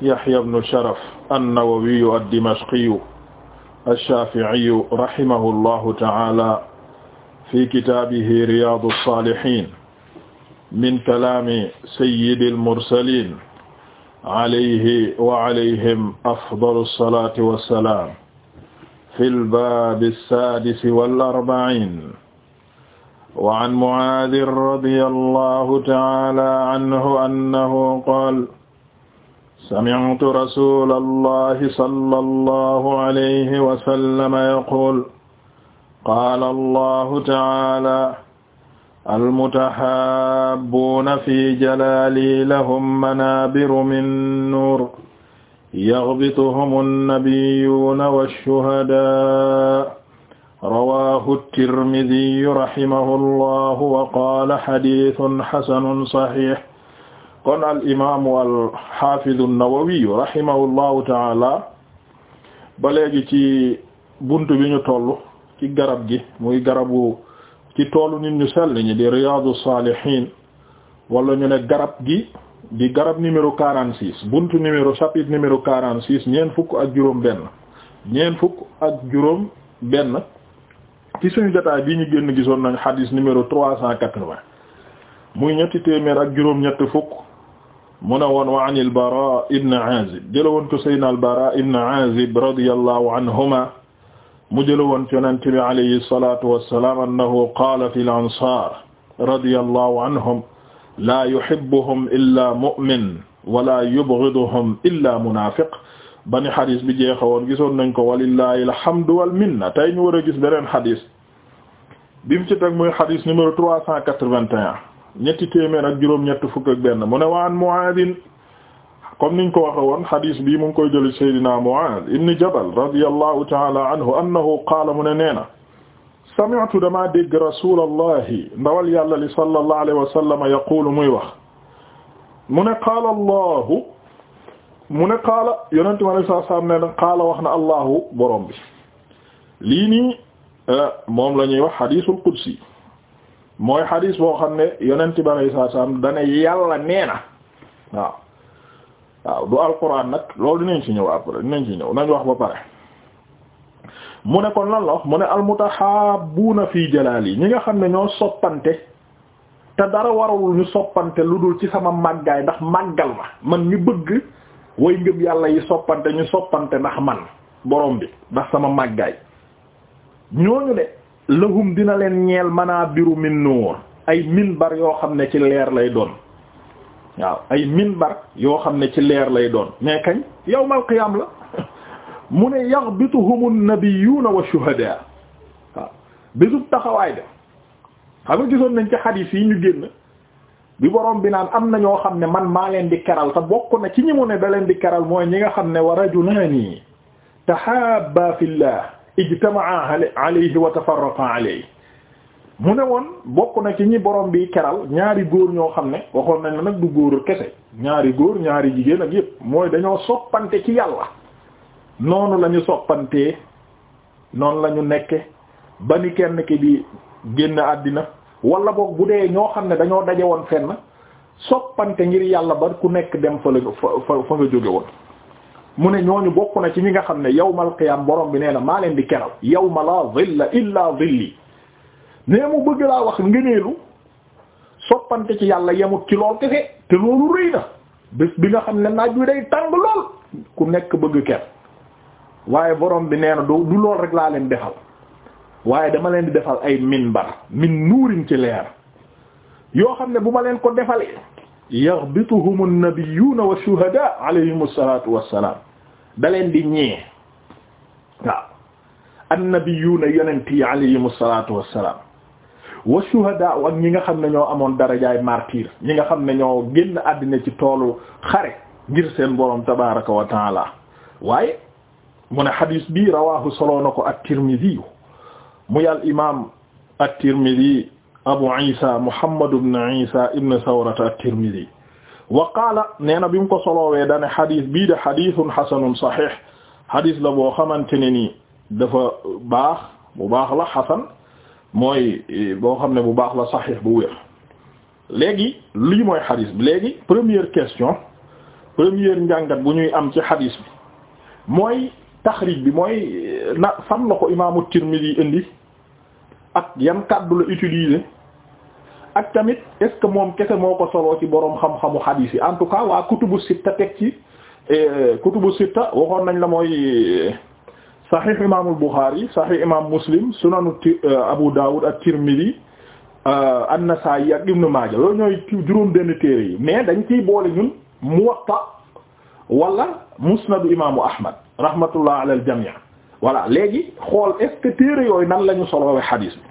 Yahya ibn Sharaf an-Nawawiyu ad-Dimashqiyu ash-Shafi'iyu rahimahullahu ta'ala fi kitaabihi Riyaadu s-Saalihiin min kalaami sayyidil mursaliin alayhi wa alayhim afdalu s-salaati wa s-salaam fil baabi s-saadisi wal arba'iin wa an Mu'aadh radiyallahu ta'ala anhu annahu qaala sami'tu rasulallahi sallallahu alayhi wa sallam yaqul qaala allahu ta'ala almutahabbuuna fi jalaali lahum manaabiru min nuur yaghbituhum annabiyyuuna wash-shuhadaa rawaahu at-tirmidhi rahimahullahu wa qaala hadiithun hasanun sahiih kon al imaamu al xaafidu an-Nawawi rahimahullahu taala ba léegi ci bunt bi ñu toll ci garab gi muy garabu ci toolu nit ñu sell ñi di Riyadu Salihin wala ñu ne garab gi di garab numéro 46 buntu numéro chapitre numéro 46 ñeent fukk ak juróom-benn ñeent fukk ak juróom-benn ci suñu jotaay bi ñu génn gisoon nañ xadis numéro 380 muy ñetti téeméer ak juróom-ñett fukk. mu ne woon wa an al-Baraa ibn Aazib jëla woon ko sayyidina al-Baraa ibn Aazib radiyallahu anhuma mu jëla woon ci Yonent bi alayhi salaatu wa salaam annahu qaala fi al-ansaar radiyallahu anhum laa yuhibbuhum illaa mu'min wa laa yubghiduhum illaa munaafiq bani xadis bi jeexawoon gisoon nañ ko walillahi alhamdu wal minna tey ñu war a gis beneen xadis bi mu ci teg muy xadis numéro 381 ñetti téeméer ak juróom-ñett fukk ak benn mu ne waan Muaad comme niñ ko waxe woon hadis bii mu ngi koy jëli Seydina Muaad ibn Jabal radiyallahu ta'ala anhu annahu qaala mu ne nee na sami'tu damaa dégg rasulallahi ndawal yàlla li sallallahu alayhi wa sallam yaqulu muy wax mu ne qaala allahu mu ne qaala yonente ne qaala wax na allahu borom bi lii moom la ñuy wax hadisul qudsi mooy xadis boo xam ne yonent bi alayhi salaam dane yàlla nee na waaw waaw du alquran nag loolu dinañ ci ñëw après dinañ ci ñëw nañ wax ba pare mu ne kon lan la wax mu ne almutahabbuuna fii jalaali ñi nga xam ne ñoo soppante te dara warawul ñu soppante lu dul ci sama màggaay ndax màggal ma man ñu bëgg way ngëm yàlla yi soppante ñu soppante ndax man borom bi ndax sama màggaay ñooñu de lahum dina leen ñeel manaabiru min nuur ay minbar yoo xam ne ci leer lay doon waaw ay minbar yoo xam ne ci leer lay doon mais kañ yawmal qiyaam la mu ne yaxbituhumu nabiyuuna wa shuhadaa waaw bésub taxawaay de xam nga gisoon nañ ci xadiis yi ñu génn bi borom bi naan am na ñoo xam ne man maa leen di keral te bokk na ci ñi mu ne da leen di keral mooy ñi nga xam ne wa rajulaani tahaabaa fillah ijtamaa alayhi wa tafarraqa alayhi mu ne woon bokk na ci ñi borom bi keral ñaari góor ñoo xam ne waxoon nañ la nag du góor kese ñaari góor ñaari jigéen ak yépp mooy dañoo soppante ci yàlla noonu lañu ñu soppantee noonu lañu ñu nekke ba ni kenn ki bi génn àddina wala boog bu dee ñoo xam ne dañoo daje woon fenn soppante ngir yàlla ba ku nekk dem fa la fa fa nga jóge woon mu ne ñoo ñooñu bokk na ci ñi nga xam ne yawmal qiyaam borom bi nee na maa leen di keral yawma laa dhilla illaa dhilli nee mu bëgg laa wax ngëneelu soppante ci yàlla yemut ci lool kese te loolu rëy na bés bi nga xam ne naaj wi day tàng lool ku nekk bëgg ker waaye borom bi nee na du du lool rek laa leen defal waaye dama leen di defal ay minbar min nuurin ci leer yoo xam ne bu ma leen ko defalee yaghbituhum an-nabiyyuna wa shuhada alayhim as-salatu wassalam da leen di ñee waaw annabiyuuna yonent yi alayhim as-salatu wassalam wa shuhada ak ñi nga xam ne ñoo amoon darajaay martyr ñi nga xam ne ñoo génn àddina ci toolu xare ngir seen borom tabaraka wa taala waaye mu ne xadiis bi rawaahu solo na ko at-Tirmidhi mu yàll imam at-Tirmidhi abu isa muhammad ibn isa ibn sawrata at-tirmidhi wa qaala nee na bi mu ko soloowee dane xadis bii de xadisun xasanun saxiix xadis la boo xamante ne nii dafa baax bu baax la xasan mooy boo xam ne bu baax la saxiix bu wér léegi lii mooy xadis bi léegi première question première njàngat bu ñuy am ci xadis bi mooy taxrij bi mooy na fan la ko imaamu Tirmidi indi ak yam kàddu la utiliser ak tamit est-ce que moom kese moo ko soloo ci boroom xam-xamu xadiis yi en tout cas waa kutubu sitta teg ci eh, kutubu sitta waxoon nañ la mooy eh, saxiix imaamul Buxaari saxiix imaam Muslim sunanu eh, Abu Dawud ak Tirmidi an-Nasaa'i ak Ibnu Maaja loolu ñooy juróom benn téere yi mais dañ ciy boole ñun Muwatta wala musnadu imaamu Ahmad rahmatullah ala al jamii voilà léegi xool est ce que téere yooyu nan lañu ñu soloowe xadiis bi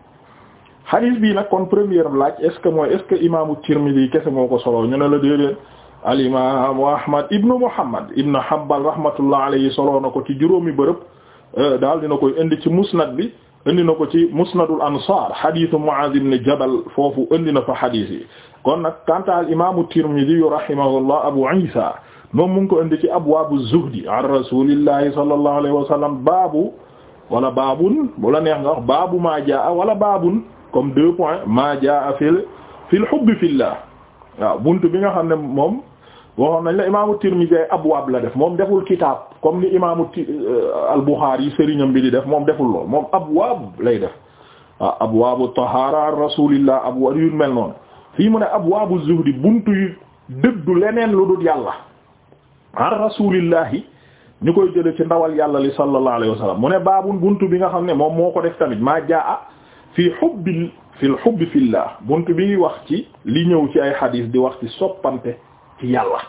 xadiis bii nag kon première laaj est ce que mooy est ce que imaamu Tirmidi kese moo ko soloo ñu ne la déedéet al imaamu Ahmad ibnu Muhammad ibnu Hanbal rahmatullah alayhi soloo na ko ci juróomi bërëb euh, daal dina koy indi ci musnad bi indi na ko ci musnadul ansar hadithu Muaz ibn Jabal foofu indi na fa hadith yi kon nag kanta al imaamu Tirmidi rahimahullah Abu Isa moom mu ngi ko indi ci abwaabu zuhdi an rasulillahi sallallahu alayhi wa sallam baabu wala baabun bu la neex nga wax baabu maa jaa wala baabun comme deux points maa jaa fil fil hubbi fillah waaw bunt bi nga xam ne moom waxoon nañ la imaamu Tirmidhi ay abwaab la def moom deful kitaab comme ni imaamu euh, al-Bukhari sëriñam bi di def moom deful lool moom abwaab lay def waaw abwaabu tahaara an rasulillah abwaab yu mel noonu fii mu ne abwaabu zuhdi buntu yu dëddu leneen lu dul yàlla an rasulillahi ñu koy jële ci ndawal yàlla li sallallahu alayhi wa sallam mu ne baabun buntu bi nga xam ne moom moo ko def tamit maa jaa fii hubbi fil hubbi fillah buntu bi wax ci li ñëw ci ay xadis di wax ci soppante ci yàlla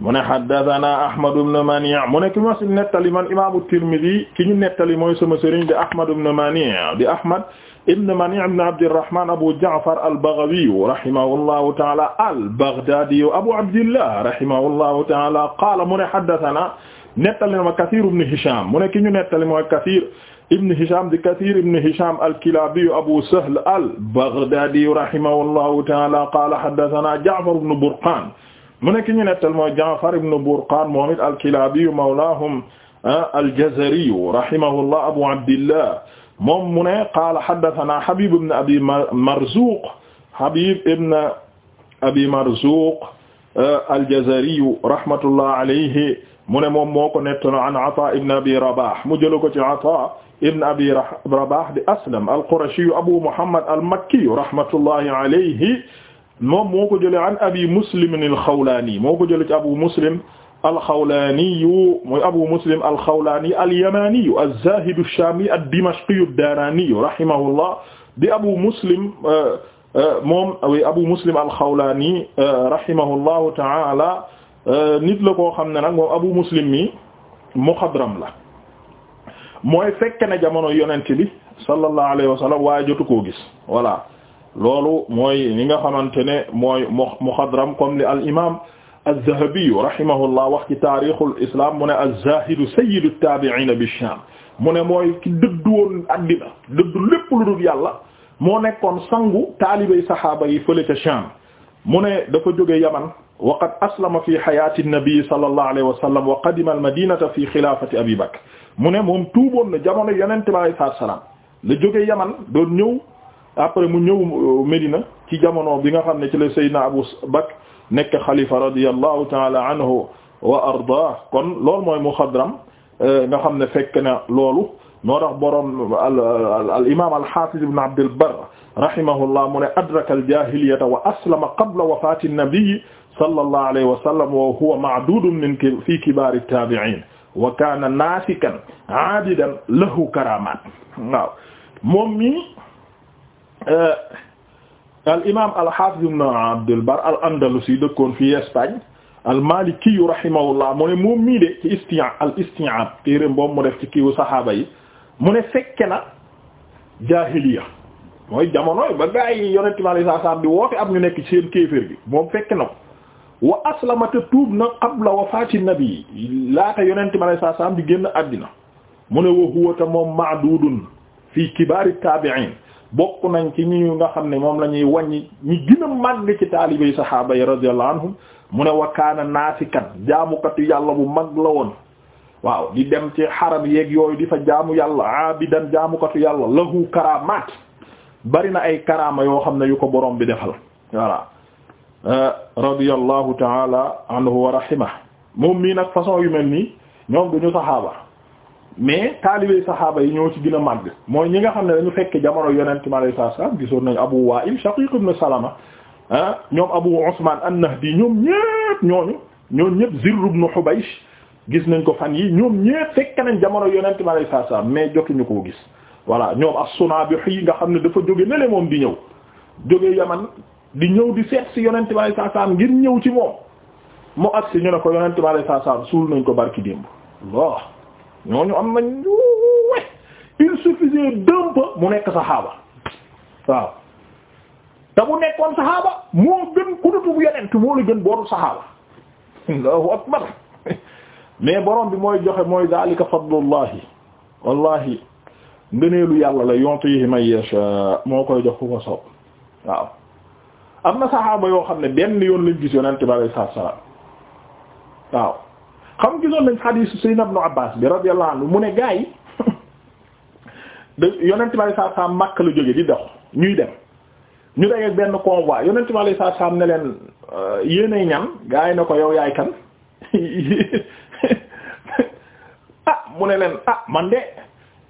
mu ne haddathana ahmad ibn mani' mu ne ki ma nettali man imaamu tirmidhi ki ñu nettali mooy sama sëriñ di ahmad ibn mani' di ahmad ibn mani' ibn abdirrahman abu ja'far al-baghawiyu rahimahullahu ta'ala al-baghdadiyu abu abdillah rahimahullahu ta'ala qaala mu ne haddathana nettali ma kathir ibn hisham mu ne ki ñu nettali mooy kathir ibn hisham di kathir ibn hisham al-kilabiyu abu sahl al-baghdadiyu rahimahullahu ta'ala qaala haddathana ja'far ibn burqan mu ne ki ñu nettali mooy ja'far ibn burqan moom it al-kilabiyu mawlahum ah, al-jazariyu rahimahullah abu abdillah moom mu ne qaala haddathana Habib ibn Abi Marzuq Habib ibn Abi Marzuq uh, al-Jazari rahmatullah alayhi mu ne moom moo ko nettali an Ata ibn Abi Rabah mu jëloon ko ci Ata ibn Abi Rabah di Aslam al-Qurashi Abu Muhammad al-Makki rahmatullah alayhi moom moo ko jëlee an Abi Muslim al-Khawlani moo ko jëlee ci Abu Muslim alxawlaaniyu muy abu muslim alxawlaani alyamaaniyu azzahidu shaami addimashqiyu daaraaniyu rahimahullah di abu muslim uh, uh, moom abu muslim alxawlaani uh, rahimahullahu ta'ala nit la koo xam ne nag moom abu muslim mi muxadram la mooy fekke na jamono yonent bi sallallahu alayhi wa jotu koo gis voilà loolu mooy ni nga xamante ne mooy muxadram comme li al imaam. az-Zahabi rahimahullah wax ci taarixul islam mu ne az-Zaahidu sayyidu taabi'iina bi-Shaam mu ne mooy ki dëddu woon addina dëddu lépp lu dul yàlla moo nekkoon sangu taalibay saxaaba yi fële ca Shaam mu ne dafa jóge Yaman wa qad aslama fi hayaati nabi sallallahu alayhi wa sallam wa qadima al-madiinata fi xilaafati Abi Bakr mu ne moom tuuboon na jamono Yonent bi alayhi salaatu wa salaam la jóge Yaman doon ñëw après mu ñëw euh, Medina ci jamono bi nga xam ne ci la Seydina Abu Bakr nekk xalifa radiyallahu taala anhu wa ardaah kon loolu mooy muxadram eh, nga xam ne fekk na loolu moo tax boroom al imaam al haafiz ibn abdul barr rahimahullah mu ne adraka al jaahiliyata wa aslama qabla wafaati nabi sallallahu alayhi wa sallam wa huwa ma'duudun min fi kibaari taabi'iin wa kaana naasikan aabidan lahu karaamaat waaw moom mi eh, al imaam al haafiz ibn Abdul Barr al andalusi dëkkoon fii Espagne al malikiyu rahimahullah mu ne moom mii de ci isti'ab al isti'ab téereem boobu mu def ci kiiwu saxaaba yi mu ne fekke na jaahiliya mooy jamonoy ba gaa yi yonent bi alayhi salaam di woote am ñu nekk ci seen kéefër gi moom fekke na ko wa aslama te tuub na qabla wafaati nabi laata yonent bi alayhi salaam di génn àddina mu ne wa huwa te moom ma'duudun fii kibaari taabi'iin bokk nañ ci ñi nga xam ne moom la ñuy wàññi ñi gën a màgg ci taalibey sahaaba yi radiyallahu anhum mu ne wa kaana naasikan jaamukatu yàlla bu mag la woon waaw di dem ci xaram yeeg yooyu di fa jaamu yàlla aabidan jaamukatu yàlla lahu karamaat bari na ay karama yoo xam ne yu ko borom bi defal voilà radiyallahu taala anhu wa rahima moom mii nag façon yu mel nii ñoom duñu sahaaba mais taalibey saxaaba yi ñoo ci gën a màgg mooy ñi nga xam ne dañu fekk jamono yonent mi alayhi salaam gisoon nañu Abu Wa'il Shaqiq ibn salaama ah ñoom Abu Usman an-Nahdi ñoom ñépp ñooñu ñoom ñépp Zirr ibn Hubaysh gis nañ ko fan yi ñoom ñépp fekk nañ jamono yonent mi alayhi salaam mais jotuñu koo gis voilà ñoom as-Sunabihi nga xam ne dafa jóge nele moom di ñëw jóge Yaman di ñëw di seet si yonent mi alayhi salaam ngir ñëw ci moom mu agsi ñu ne ko yonent mi alayhi salaam suul nañ ko barki démb waaw ñooñu am nañ il suffisait d'un peu mu nekk saxaaba waaw te bu nekkoon saxaaba moo gën ku dutub yonent moo la gën booru saxaaba allahu akbar mais borom bi mooy joxe mooy dalika fadlullahi wallahi ngëneelu yàlla la yontihi man yasha moo koy jox ku ko soob waaw am na saxaaba yoo xam ne benn yoon la gis yonent bi alayhi salaatu salaam waaw xam gisoon nañ xadiisu Sayyidina Ibn Abbas bi radiyallahu anhu mu ne gaa yi da yonent bi saa saam Makka la jóge di dox ñuy dem ñu dajee benn convoi yonent bi saa saam ne leen euh, yéenay ñan gaa yi ne ko yow yaay kan ah mu ne leen ah man de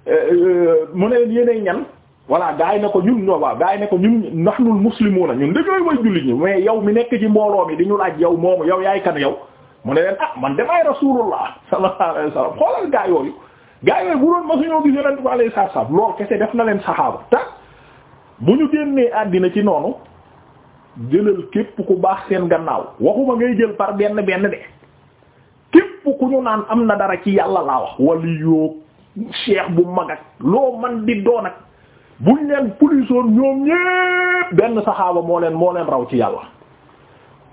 euh, euh, mu ne leen yéenay ñan voilà gaa yi ko ñun ñoo waaw gaa ko ñun nahnul muslimuuna ñun dëgg way jullit ñi mais yow mi nekk ci mbooloo mi di ñu laaj yow moomu yow yaay kan yow. mu ne leen ah man demaay rasulullah sallallahu alayhi wa sallam xoolal gaa yooyu gaa yooyu bu doon masuñoo gis yonent bi alayhi salaam lool kese def na leen saxaaba te bu ñu génnee àddina ci noonu jëlal képp ku baax seen gannaaw waxuma ngay jël par benn benn de képp ku ñu naan am na dara ci yàlla laa wax wali yoo cheikh bu mag ak loo man di doon ak buñ leen polisoon ñoom ñépp benn saxaaba moo leen moo leen raw ci yàlla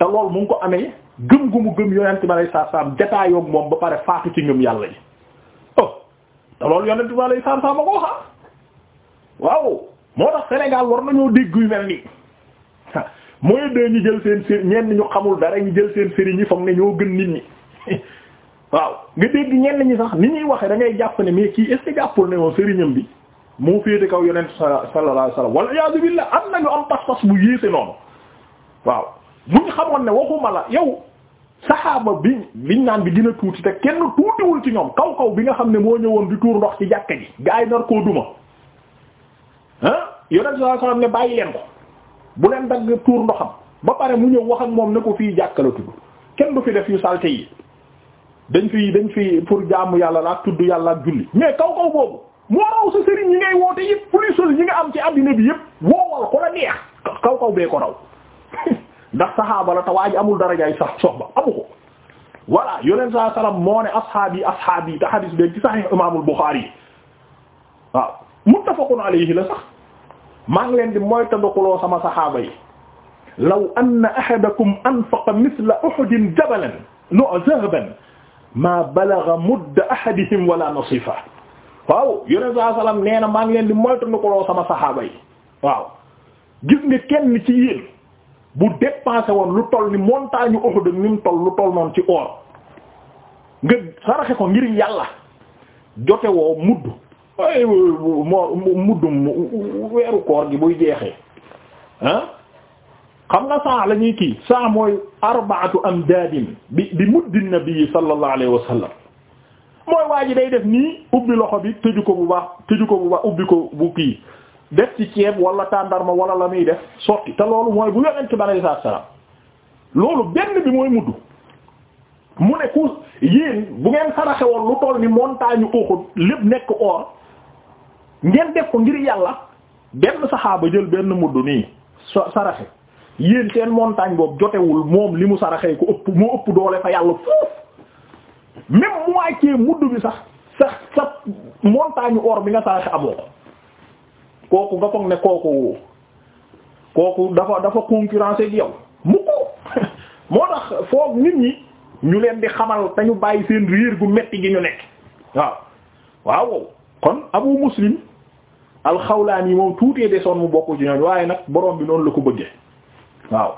te loolu mu ko amee gëm gu mu gëm yonent bi alayhi salaam jataayoog moom ba pare faatu ci ngëm yàlla oh, loolu yonent bi alayhi waaw moo tax Sénégal war nañoo dégg yu mel nii mooy de ñu jël seen sëriñ ñu xamul dara ñu jël seen sëriñ ñi foog ne ñoo gën nit ñi waaw nga dégg ñenn ñi sax ni ñuy waxee da ngay jàpp ne mais kii est ce que jàppul ne moom sëriñam bi kaw yonent sallallahu alayhi wasallam wal iyaazu billah am nañu am pas-pas bu yéese noonu waaw. buñ xamoon ne waxuma la yow saxaaba bi biñ naan bi dina tuuti te kenn tuutiwul ci ñoom kaw kaw bi nga xam ne moo ñëwoon di tuur ndox ci jàkka ji gaa yi nar koo duma ah yonent saa sallam ne bàyyi leen ko bu leen dagg tuur ndoxam ba pare mu ñëw wax ak moom ne ko fii jàkka la tudd kenn du fi def yu salte yi dañ fi dañ fi pour jàmm yàlla laa ak tudd yàlla ak julli mais kaw kaw boobu moo raw sa sëriñ ñi ngay woote yëpp plus ñi nga am ci àddina bi yëpp woowal ko la neex ndax saxaaba la te waa ji amul darajaay sax soxba amu ko voilà yonent saa salaam moo ne asxaab yi asxaab yi te xadis bi ci saxiix imaamul Buxaari yi waaw muttafaqun alayhi la sax maa ngi leen di moytandikuloo sama saxaaba yi law anna ahadakum anfaqa mithla uhudin jabalan no zahaban maa balagha mudda ahadihim wala nasifa waaw yonent saa salaam nee na maa ngi leen di moytandikuloo sama saxaaba yi waaw gis nga kenn ci yéen bu dépensé woon lu toll ni montagne Uhud ni mu tol lu toll noonu ci or nga saraxe ko ngir yàlla jote woo mudd ay moo muddum weeru koor gi buy jeexee ah xam nga saa la ñuy kii saa mooy arbaatu amdadin bi bi muddi nabi sallallahu alayhi wa sallam mooy waa ji day def nii ubbi loxo bi tëju ko bu baax tëju ko bu baax ubbi ko bu kii def ci ceeb wala tàndarma wala la muy def sotti te loolu mooy bu yonent bi alayhi salaam loolu benn bi mooy mudd mu ne ku yéen bu ngeen saraxe woon lu toll ni montagne Uhud lépp nekk or ngeen def ko ngir yàlla benn saxaaba jël benn mudd nii so saraxe yéen seen montagne boobu jotewul moom li mu saraxee ko ëpp moo ëpp doole fa yàlla foofu même moitié mudd bi sax sax sa montagne or bi nga saraxe amoo kooku nga foog ne kooku kooku dafa dafa concurrence ak yow mukk moo tax foog nit ñi ñu leen di xamal te bàyyi seen riir gu metti gi ñu nekk waaw waaw kon abu muslim alxawlaani moom tuutee desoon mu bokk ci ñooñ waaye nag borom bi noonu la ko bëggee waaw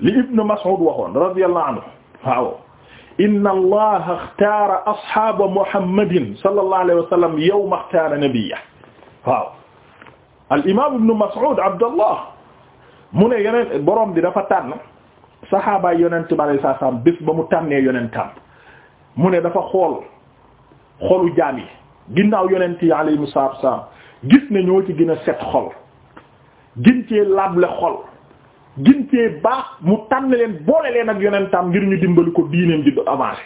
li ibnu mas'ud waxoon radiyallahu anhu waaw inna allaha ixtaara ashaaba muhammadin sallallahu alayhi wa sallam yawma ixtaara waaw al imaam ibnu Mas'ud Abdallah mu ne yeneen borom bi dafa tànn saxaabaay yonent bi alayhi salaam bés ba mu tànnee yonentam mu ne dafa xool xolu jaam yi ginnaaw yonent yi mu salaatu salaam gis ne ñoo ci gën a set xol gin cee lable xol gin cee baax mu tànn leen boole leen ak yonentam ngir ñu dimbali ko diineem ji du avancé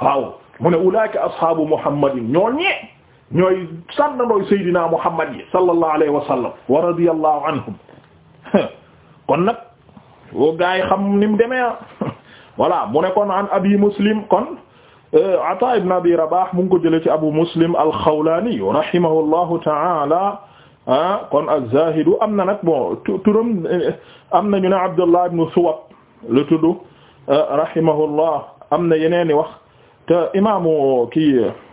waaw mu ne ulaa'ika ashaabu muhammadin ñoo ñee ñooy sànnandooy Seydina Muhammad yi sallallahu alayhi wa sallam wa radiyallahu anhum kon nag woo gaa yi xam ni mu demee ah, voilà mu ne kon an abi muslim kon euh, Ata ibn abi Rabah mu ngi ko jëlee ci abu muslim al-Xawlaani rahimahullahu ta'ala ah kon az-Zaahidu am na nag bon turam euh, am na ñu ne Abdullah ibn Suwab la tudd euh, rahimahullah am na yeneen i wax te imaamu kii.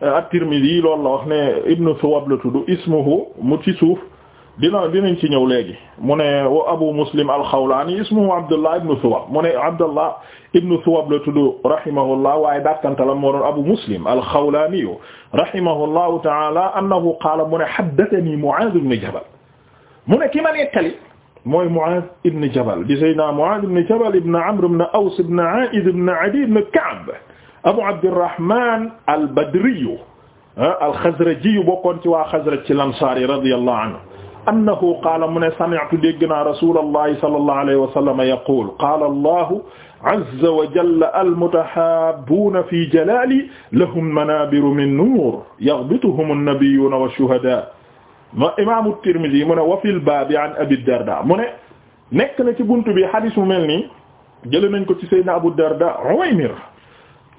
at-Tirmidhi loolu la wax ne ibnu Suwab la tudd ismuhu mu ci suuf dina dinañ ci ñëw léegi mu ne wa Abu Muslim al-Khawlani ismuhu Abdullah ibnu Suwab mu ne Abdullah ibnu Suwab la tudd rahimahullah waaye dàkkanta la moo doon Abu Muslim al-Khawlani rahimahullahu ta'ala annahu qaala mu ne haddathani Mu'adh ibn Jabal mu ne ki ma nettali mooy Mu'aaz ibn Jabal di Seydina Mu'aaz ibn Jabal ibn Amr ibn Aws ibn Aa'id ibn Adiy ibn Ka'b Abu Abdirrahman al-Badri ah, al-Khazraji bokkoon ci waa Khazraj ci Ansaari radiyallahu anhu annahu qaala mu ne sami'tu dégg naa Rasuulullahi sallallahu alayhi wa sallam yaqulu qaala Allahu azza wa jalla al-mutahabbuuna fi jalaali lahum manaabiru min nuur yaghbituhum an-nabiyyuuna wash-shuhadaa ma imaamu Tirmidi mu ne wa fil baabi an Abi Darda mu ne nekk na ci buntu bi hadiis mu mel nii jëlee nañ ko ci Seydina Abu Darda Uwaymir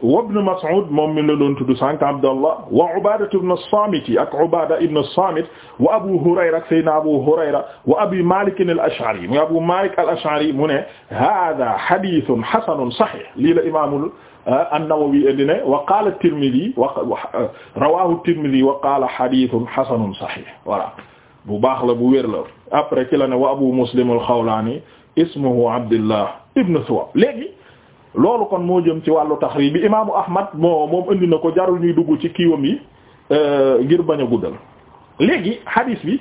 wa ibn Mas'ud moom mi la doon tudd sànq Abdallah wa Ubaada ibn as-Saamit ak Ubaada ibn as-Saamit wa Abu Hurayra ak Seydina Abu Hurayra wa Abi Maalik al-Ash'ari mu Abu Maalik al-Ash'ari mu ne haaza hadiisun hasanun sahiih lii la imaamul uh, an-Nawawi indi ne wa qaala at-Tirmidhi wa uh, rawaahu at-Tirmidhi wa qaala hadiisun hasanun sahiih voilà bu baax la bu wér la après ci la ne wa Abu Muslim al-Khawlaani ismuhu Abdullah ibn Thuwab léegi loolu kon moo jëm ci wàllu taxriib bi imaamu Ahmad moo moom indi na ko jarul ñuy dugg ci kiiwam yi euh, ngir bañ a guddal léegi hadis bi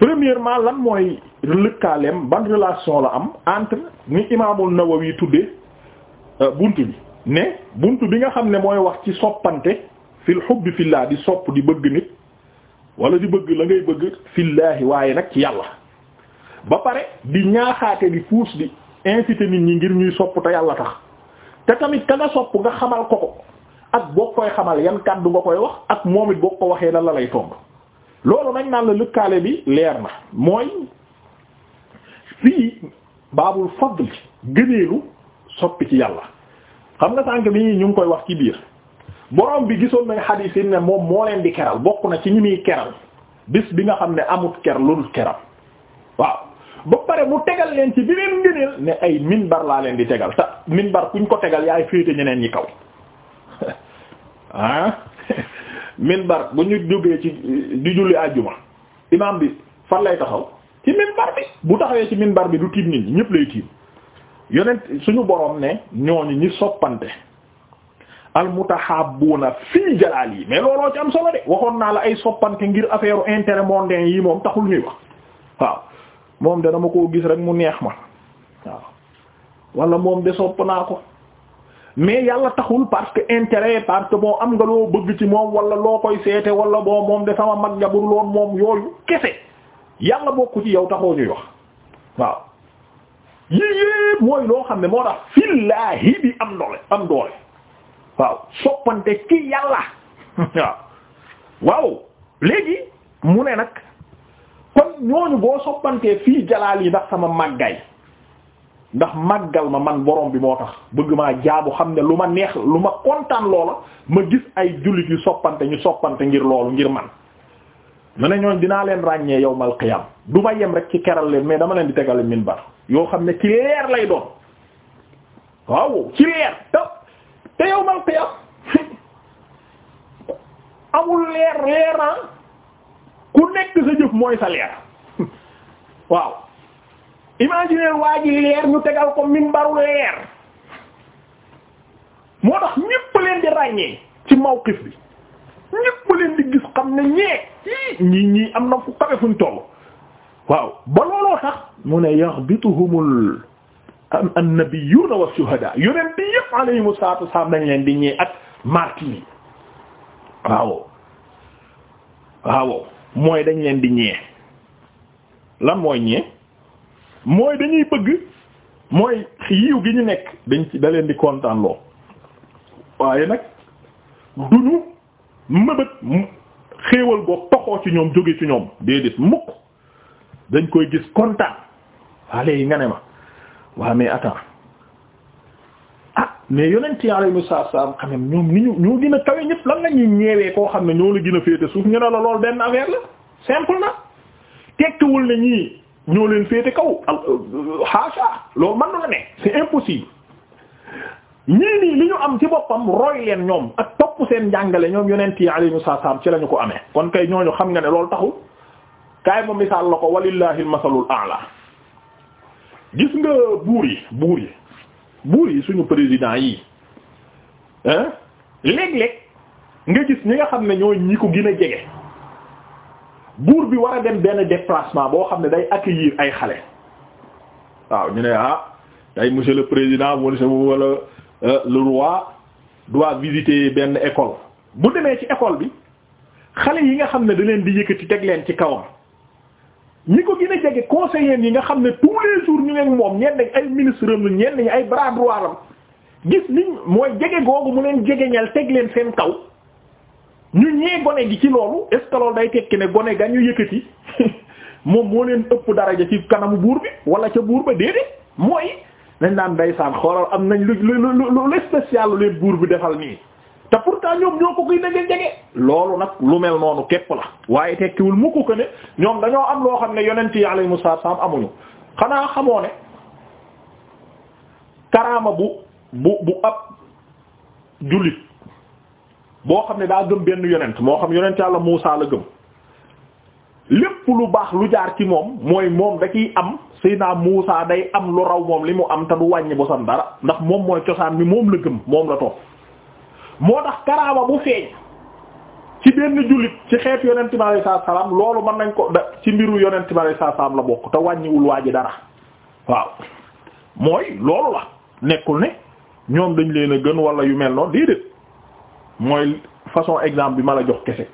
premièrement lan mooy lëkkaaleem ban relation la am entre ni imaamul Nawawi tudde euh, bunt bi ne bunt bi nga xam ne mooy wax ci soppante fil hubbi fillah di sopp di bëgg nit wala di bëgg la ngay bëgg fillaahi waaye nag yàlla ba pare di ñaaxaate di fuus bi inciter nit ñi ngir ñuy sopp te yàlla tax te tamit ka nga sopp nga xamal ko ko ak boo koy xamal yan kàddu nga koy wax ak moom it boo ko waxee la la lay tong loolu nañ naan la lëkkaale bi leer na mooy fii baabul fadl gëneelu soppi ci yàlla xam nga sànk bi ñu ngi koy wax ci biir borom bi gisoon nañ xadiis yi ne moom moo leen di keral bokk na ci ñi muy keral bis bi nga xam ne amut ker lu keram waaw ba pare mu tegal leen ci beneen ngëneel ne ay minbar laa leen di tegal ta minbar kuñ ko tegal yaay féete ñeneen ñi kaw ah minbar bu ñu jógee ci di julli àjjuma imaam bi fan lay taxaw ci minbar bi bu taxawee ci min bar bi du tiim nit ñi ñëpp lay tiim yonent suñu borom ne ñooñu ñi soppante al mutahabbuuna fii jalaal yi mais looloo ci am solo de waxoon naa la ay soppante ngir affaire intérêt mondain yi moom taxul ñuy wax waaw moom de dama koo gis rek mu neex ma waaw wala moom de sopp naa ko mais yàlla taxul parce que intere parce que bon am nga loo bëgg ci moom wala loo koy seete wala boo moom de sama mag jabur loon moom yooyu kese yàlla bokku ci yow taxoo ñuy wax waaw yii mooy loo xam ne moo tax fillaahi bi am doole am doole waaw soppante ci yàlla waaw waaw léegi mu ne nag kon ñooñu boo soppantee fii jalaal yi ndax sama màggaay ndax màggal ma man borom bi moo tax bëgg ma jaabu xam ne lu ma neex lu ma kontaan loola ma gis ay jullit yu soppante ñu soppante ngir loolu ngir man mu ne ñooñ dinaa leen ràññee yawmal qiyam du ma yem rek ci keral leen mais dama leen di tegale minbar yoo xam ne ci leer lay doon waaw ci leer te te yawmal qiyam amul leer leer ku nekk sa jëf mooy sa leer waaw imaginer waa ji leer ñu tegal ko mimbaru leer moo tax ñépp leen di ràññee ci mawqif bi ñépp leen di gis xam ne ñee ñii ñii am na fu kawe fuñ toll waaw ba looloo tax mu ne yaxbituhumul annabiyuuna wa shuhadaa yonent yépp alayhimu salaatu wassalaam dañ leen di ak martyrs yi waaw waaw mooy dañ leen di ñee lan mooy ñee mooy dañuy bëgg mooy yiw gi ñu nekk dañ ci da leen di kontaan waaye nag duñu mëbët xéewal boo toxoo ci ñoom jóge ci ñoom déedéet mukk dañ koy gis kontaan waale yi nga ne ma waa mais attends mais yonent yi alayhimu salaam quand même ñoom ni ñu ñoo gën a kawe ñëpp lan la ñuy ñeewee koo xam ne ñoo la gën a féete suuf ñu ne la lool benn affaire la simple na tekkiwul ne ñii ñoo leen féete kaw haasha loolu mën na ne c'est impossible ñii nii li ñu am ci boppam roy leen ñoom ak topp seen njàngale ñoom yonent yi alayhimu salaam ci lañu ko amee kon kay ñooñu xam nga ne loolu taxu kaay ma misaal la ko walillahi al masalul a'la gis nga buur yi buur yi buur yi suñu président yi hein léeg-léeg nga gis ñi nga xam ne ñooy ñi ko gën a jege buur bi war a dem benn déplacement boo xam ne day accueillir ay xale waaw ñu ne ah day monsieur le président monsieur wala euh, le roi doit visiter benn école bu demee ci école bi xale yi nga xam ne da leen di yëkkati teg leen ci kawam ñi ko gën a jege conseillers yi nga xam ne tous les jours ñu ne moom ñenn ñi ay ministre am ñeen ñi ay bras droit am gis niñ mooy jege googu mu leen jege ñal teg leen seen kaw ñu ñee gone gi ci loolu est ce que loolu day tekki ne gone ga ñu yëkkati moom moo leen ëpp daraja ci kanamu buur bi wala ca buur ba déedéet mooy dañ naan ndeysaan xoolal am nañ lu lu lu lu spécial lu leen buur bi defal nii. te pourtant ñoom ñoo ko koy dajale jege loolu nag lu mel noonu képp la waaye tekkiwul mukk ko ne ñoom dañoo am loo xam ne yonent yi alayhimu salaam amuñu xanaa xamoo ne karaama bu bu jullit boo xam ne daa gëm benn yonent moo xam yonent yàlla Muusaa la gëm lépp lu baax lu jaar ci moom mooy moom da ciy am Seydina Muusaa day am lu raw moom li mu am te du wàññi bosam dara ndax moom mooy cosaan mi moom la gëm moom la topp. moo tax karaama bu feeñ ci benn jullit ci xeet yonent bi alayhi salaam loolu mën nañ ko da ci mbiru yonent bi alayhi salaam la bokk te wàññiwul waa ji dara waaw mooy loolu la nekkul ne ñoom dañ leen a gën wala yu mel noonu déedéet mooy façon exemple bi ma la jox kese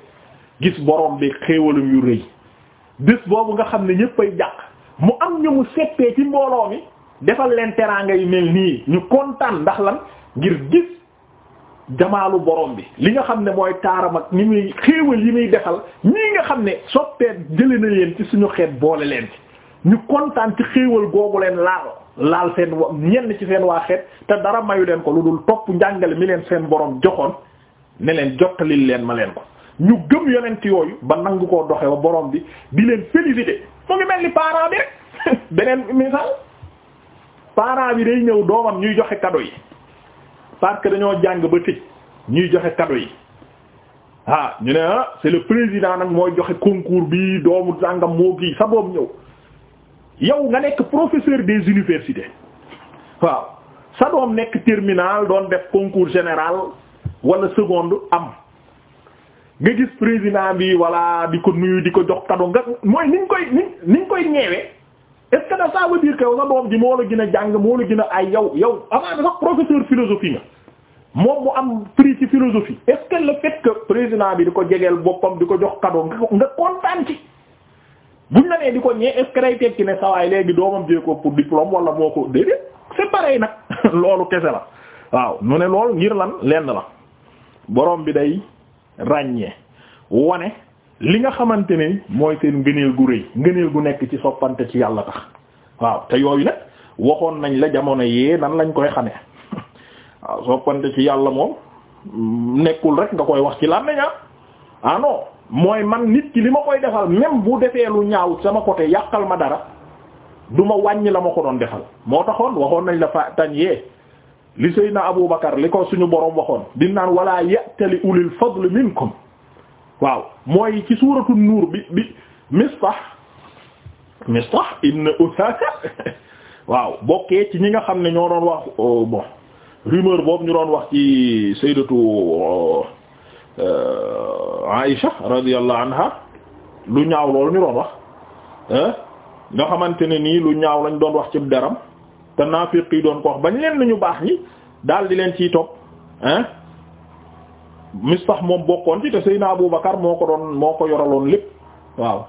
gis borom bi xéewalum yu rëy bés boobu nga xam ne ñépp ay jàq mu am ñu mu settee ci mbooloo mi defal leen teraanga yu mel nii ñu kontaan ndax lan ngir gis jamaalu borom bi li nga xam ne mooy taaram ak ni muy xéewal yi muy defal ñii nga xam ne soppee jële na leen ci suñu xeet boole leen ci ñu kontaan ci xéewal googu leen laal laal seen wa ñenn ci seen waa xeet te dara mayu leen ko lu dul topp njàngale mi leen seen borom joxoon ne leen jottalil leen ma leen ko ñu gëm yonent yooyu ba nangu ko doxe ba borom bi di leen féliciter mu ngi mel ni parent bi rek beneen misaal parent bi day ñëw doomam ñuy joxe cadeau yi parce que dañoo jàng ba tëj ñuy joxe cadeau yi ah ñu ne ah c'est le président nag mooy joxe concours bi doomu jàngam moo gi sa boobu ñëw yow nga nekk professeur des universités waaw sa doom nekk terminal doon def concours général wala seconde am nga gis président bi wala di ko nuyu di ko jox cadeau nga mooy ni koy ni ñu koy ñeewee. est-ce que ça veut dire que yow doom ji moo la gën jàng moo la gën a ay yow yow avant sax professeur philosophie nga moom mu am prix ci philosophie est-ce que le président bi di ko jegeel boppam di ko jox kadoo nga kontaan ci buñ la nee di ko ñee est-ce que day ne sawaay léegi doomam jee ko pour diplôme wala moo ko déedéet c'est pareil nag loolu kese la waaw nu ne loolu ngir lan lenn la borom bi day ràññee wane li nga xamante ne mooy seen ngëneel gu rëy ngëneel gu nekk ci soppante ci yàlla tax waaw te yooyu nag waxoon nañ la jamono yee nan lañ koy xamee waaw soppante ci yàlla moom mm, nekkul rek nga koy wax ci làmmiñ ah. ah non mooy man nit ki li ma koy defal même bu defee lu ñaaw sama côté yàqal ma dara du ma wàññi la ma ko doon defal moo taxoon waxoon nañ la fa tañ yee li Seydina Abu Bakar li ko suñu borom waxoon di naan wala ya'tali ulil fadl minkum waaw mooy ci suuratu nuur bi bi Mistah Mistah ibn Usasa waaw bokkee ci ñi nga xam ne ñoo doon wax oh, bon rumeur boobu ñu doon wax ci sayyidatu euh, Aïcha radiyallahu anha lu ñaaw loolu ñu doon wax nga xamante ne nii lu ñaaw lañ doon wax ci deram te naafiq yi doon ko wax bañ leen nañu baax ñi daal di leen ciy topp Mistah moom bokkoon ci te Seydina Abu Bakar moo ko doon moo ko yoraloon lépp waaw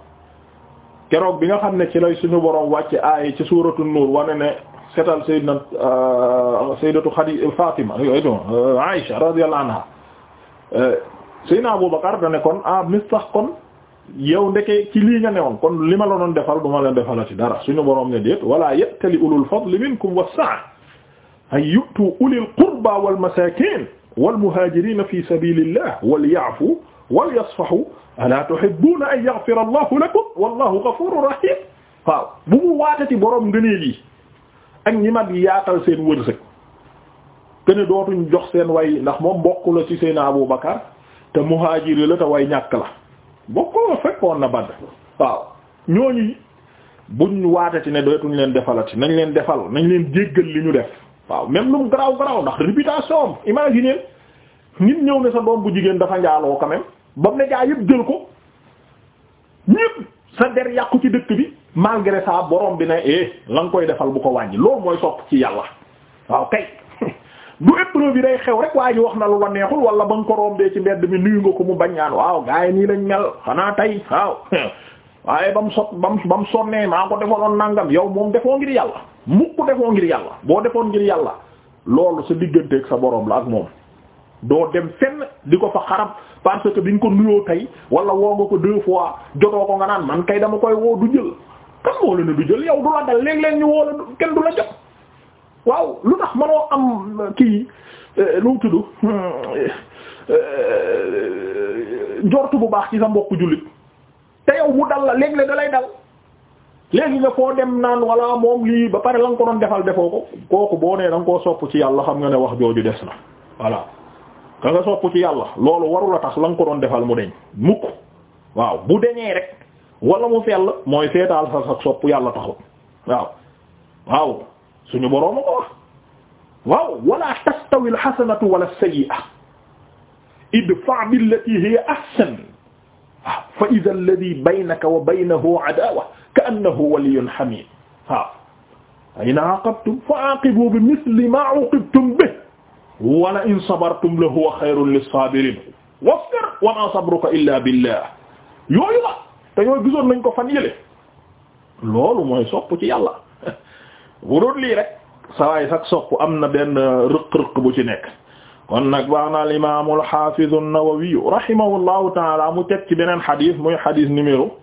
keroog bi nga xam ne ci lay suñu borom wàcce aay ci suuratu Nuur wane ne setal Seydina euh, Sayyidatu Khadi Fatima euh, Aïsha radiyallahu anha euh, Seydina Abu Bakar da ne kon ah Mistah kon yow ndeke ci lii nga woon kon li ma la doon defal du ma leen defalati dara suñu boroom ne déet wala ya'tali ulul fadli minkum was-sa'a ay yu'tu ulil qurba wal masakin wal muhaajiriina fi sabiilillah wal ya'fu wal yasfahu alaa tuhibbuuna an yaghfira allahu lakum wallahu ghafuurun rahiim waaw bu mu waatati borom ngëneel yi ak ñi mag yi yaatal seen wërsëg kenn dootuñ jox seen way ndax moom bokku la ci seen Abu Bakar te muhaajiri la te way ñàkk la bokku la fekkoon na Badr waaw ñooñu buñ waatati ne dootuñ leen defalati nañ leen defal nañ leen jéggal li ñu def. waaw même lu mu garaaw garaaw ndax réputation am imagine nit ñëw ne sa doom bu jigéen dafa njaaloo quand même ba mu ne gaa yëpp jël ko ñëpp sa der yàqu ci dëkk bi malgré ça borom bi ne eh la koy defal bu ko wàññi loolu mooy sopp ci yàlla waaw kay du épreuve bi day xew rek waaye ji wax na lu la neexul wala ba nga ko rombee ci mbedd mi nuyu nga ko mu bañ ñaan waaw gaay nii lañ mel xanaa tey waaw waaye ba mu so ba mu ba mu sonnee maa ko defaloon nangam yow moom defoo ngir yàlla mukk defoo ngir yàlla boo defoon ngir yàlla loolu sa digganteeg sa boroom la ak moom. doo dem fenn di ko fa xarab parce que bi nga ko nuyoo tey wala woo nga ko deux fois jotoo ko nga naan man kay dama koy woo du jël kan moo la du jël yow du la dal léeg-léeg ñu woo la kenn du la jot waaw lu tax manoo am euh, kii lu euh, tudd euh, njortu bu baax ci sa mbokku jullit. te yow mu dal la léegi la da dal léegi nga foo dem naan walla moom lii ba pare la ko doon defal defoo ko kooku boo nee da nga koo sopp ci yàlla xam nga ne wax jooju des na voilà ka nga sopp ci yàlla loolu warula tax la ko doon defal mu deñ mukk waaw bu deñee rek wala mu fell mooy seetaal sa sa sopp yàlla taxut waaw waaw suñu borooma ko wax waaw wala tastawi alxasanatu wala sayyi'a idfa billati hiya ahsan waaw ah, fa idha alladhi baynaka wa baynahu adawa ka annahu waliyyun hamim waaw fa in aqabtum fa aqibu bi mithli ma uqibtum bihi wala in sabartum la huwa xayrun lis-sabirin wasbir wa ma sabruka illa billah yooyu la te yooyu gisoon nañ ko fan yële loolu mooy sopp ci yàlla bu doon lii rek sawaay sax sopp am na benn rëq-rëq bu ci nekk kon nag baax na al imaam al xaafiz an-Nawawi rahimahullahu taala mu teg ci beneen xadis muy xadis numéro